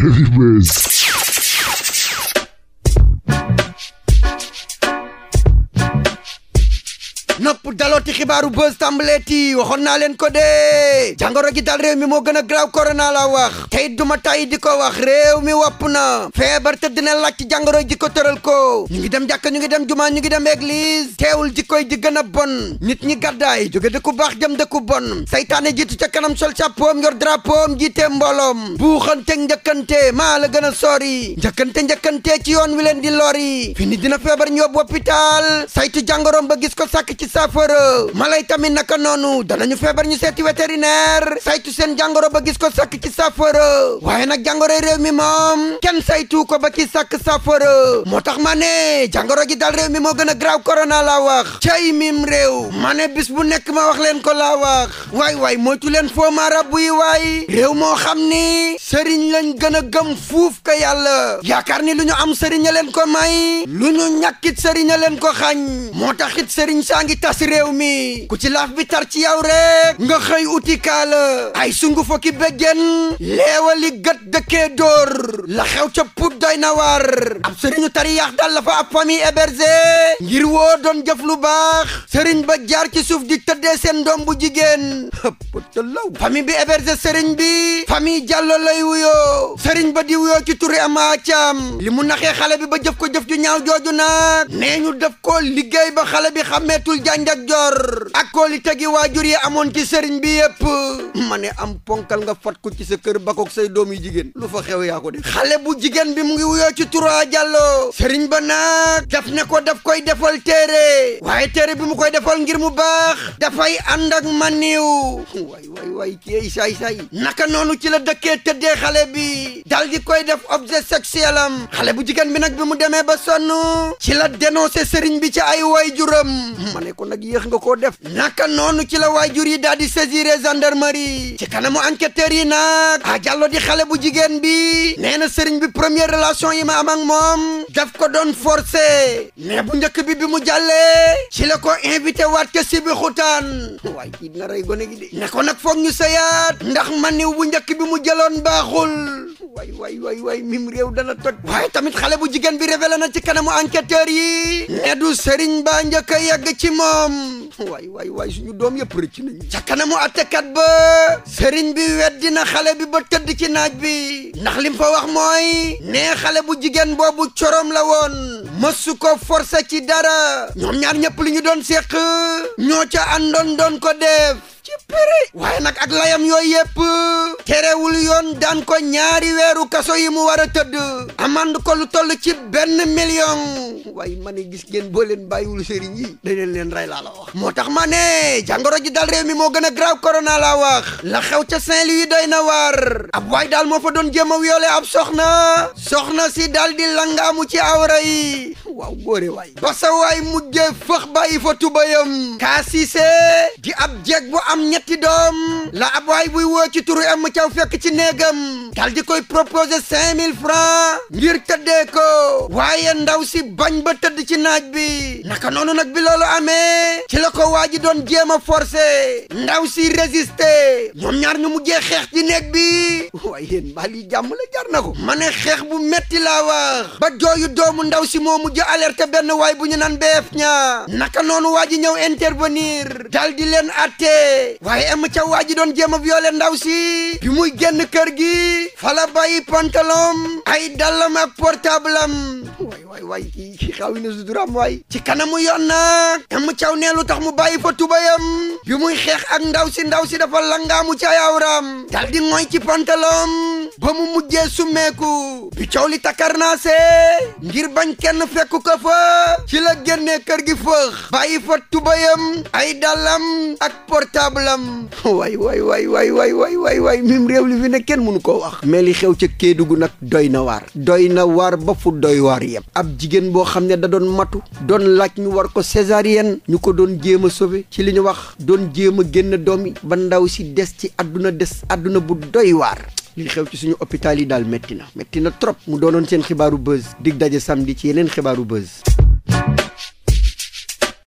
Heavy Bass. No dalooti xibaaru buzz tàmbaleeti waxoon naa leen ko dee jàngoro gi dal réew mi moo gën a graw korona la wax tey duma tay di ko wax réew mi wopp na feebar te dina laaj ci jàngoro ji ko tëral ko ñu ngi dem jàkka ñu ngi dem jumaa ñu ngi dem église teewul ji ko di gën a bon nit ñi gàddaay jóge dëkku baax jëm dëkku bon saytaane jiitu ca kanam sol chapeau yor drapeau jiite mbooloom buuxante njëkkante maa la gën a sori njëkkante njëkkante ci yoon wi leen di lori fini dina feebar ñu yóbbu hôpital saytu jàngoroom ba gis ko sàkk ci saafo saafara mala yi tamit naka noonu danañu feebar ñu seeti vétérinaire saytu seen jàngoro ba gis ko sàkk ci saafara waaye nag jàngoro réew mi moom kenn saytu ko ba ci sàkk saafara moo tax ma ne jàngoro gi dal réew mi moo gën a graaw corona laa wax cay mim réew ma bis bu nekk ma wax leen ko la wax waay waay moytu leen foo ma rabbu yi waay réew moo xam ni sëriñ lañ gën a gëm fuuf ka ya yaakaar ni lu ñu am sëriñ a leen ko may lu ñu ñàkkit sëriñ a leen ko xañ moo tax sëriñ saa réew mi ku ci laaf bi tar ci yow rek nga xëy uti kaala ay sungu fa ki béjjen leewali gët dëkkee dóor la xew ca put doy na war ab sëriñu tari yaax dal la fa ab famille hébergé ngir woo doon jëf lu baax sëriñ ba jaar ci suuf di tëddee seen doom bu jigéen law famille bi hébergé sëriñ bi famille Diallo lay wuyoo sëriñ ba di wuyoo ci turi Ama Thiam li mu naxee xale ba jëf ko jëf ju ñaaw jooju nag nee ko liggéey ba xale bi xàmmeetul Kajoor ak kóolite gi waajur yi amoon ci sëriñ bi yëpp ma ne am ponkal nga fat ko ci sa kër bakook say doom yi jigéen lu fa xew yaa ko def xale bu jigéen bi mu ngi wuyoo ci Turaa Jàllo sëriñ ba nag daf ne ko koy defal téere waaye téere bi mu koy defal ngir mu baax dafay ànd ak maniw waay waay waay ci ay saay saay naka noonu ci la dëkkee tëddee xale bi dal di koy def objet sexuel am xale bu jigéen bi nag bi mu demee ba sonn ci la dénoncé sëriñ bi ci ay way ma ko nag yéex nga koo def naka noonu ci la waajur yi daal di saisir gendarmerie ci kanamu enquêteurs yi nag a ah, jàllo di xale bu jigéen bi nee na sëriñ bi première relation yi ma am ak moom daf ko doon forcé mais bu njëkk bi bi mu jàllee ci la ko invité waat ke si bi xutaan waaye kii gone gi de ne ko nag foog ñu sëyaat ndax man ni bu njëkk bi mu jëloon baaxul way way way way mim réew dana toj waaye tamit xale bu jigéen bi révélé na ci kanamu enquêteur yi ne du sëriñ ba njëkk a yegg ci moom way way way suñu doom yëpp rëcc nañu ca kanamu attekat ba sëriñ bi weddi na xale bi ba tëdd ci naaj bi ndax lim fa wax mooy ne xale bu jigéen boobu corom la woon mësu ko forcé ci dara ñoom ñaar ñëpp li ñu doon séq ñoo ca àndoon ko def ci péri waaye nag ak layam yooyu yëpp terewul yoon dan ko ñaari weeru kaso yi mu war a tëdd amande ko lu toll ci benn million waaye ma ne gis ngeen boo leen bàyyiwul sëriñ yi dañeen leen rey laa la wax moo tax ma ne jàngoro ji dal réew mi moo gën a grave korona laa wax la xew ca Saint-Louis day na waar ab waay daal moo fa doon jéem a wiyoole ab soxna soxna si daal di langaamu ci awra yi waaw góore waay basa waay mujjee fëx bàyyi fa tubayam kaasise di ab jeeg bu am ñetti doom la ab waay buy woo ci turu am caw fekk ci neegam dal di koy proposer cinq mille francs ngir tëddee ko waaye ndaw si bañ ba tëdd ci naaj bi naka noonu nag bi loolu amee ci la ko waa ji doon jéem a forcer ndaw si résister ñoom ñaar ñu mujjee xeex ci néeg bi waaye yéen mbaa lii la jar na ko ma ne xeex bu metti laa wax ba jooyu doomu ndaw si moo mujj mujj alerté benn waay bu ñu naan beef ña naka noonu waa ji ñëw intervenir dal di leen atte waaye am ca waa ji doon jéem a violé ndaw si bi muy génn kër gi fala bàyyi pantalon ay dallam ak portable am waay waay waay kii xaw na suduraam waay ci kanamu yoon nag am caw lu tax mu bàyyi fa tubayam yu muy xeex ak ndaw si ndaw si dafa langaamu ci ay awraam dal ci pantalon ba mu mujjee summeeku bi coow li takarnaasee ngir bañ kenn fekk ko fa ci la génnee kër gi fëx bàyyi fa tubayam ay dàllam ak portable am way way way way way way way way mim réew li fi ne kenn mënu koo wax mais li xew ca Kédougou nag doy na waar doy na waar ba fu doy waar yem ab jigéen boo xam ne da doon matu doon laaj ñu war ko césarienne ñu ko doon jéem a sauver ci li ñu wax doon jéem a génn doom yi ba ndaw si des ci àdduna des àdduna bu doy waar li xew ci suñu hôpital yi daal métti na métti na trop mu doonoon seen xibaaru buzz dig daje samedi ci yeneen xibaaru buzz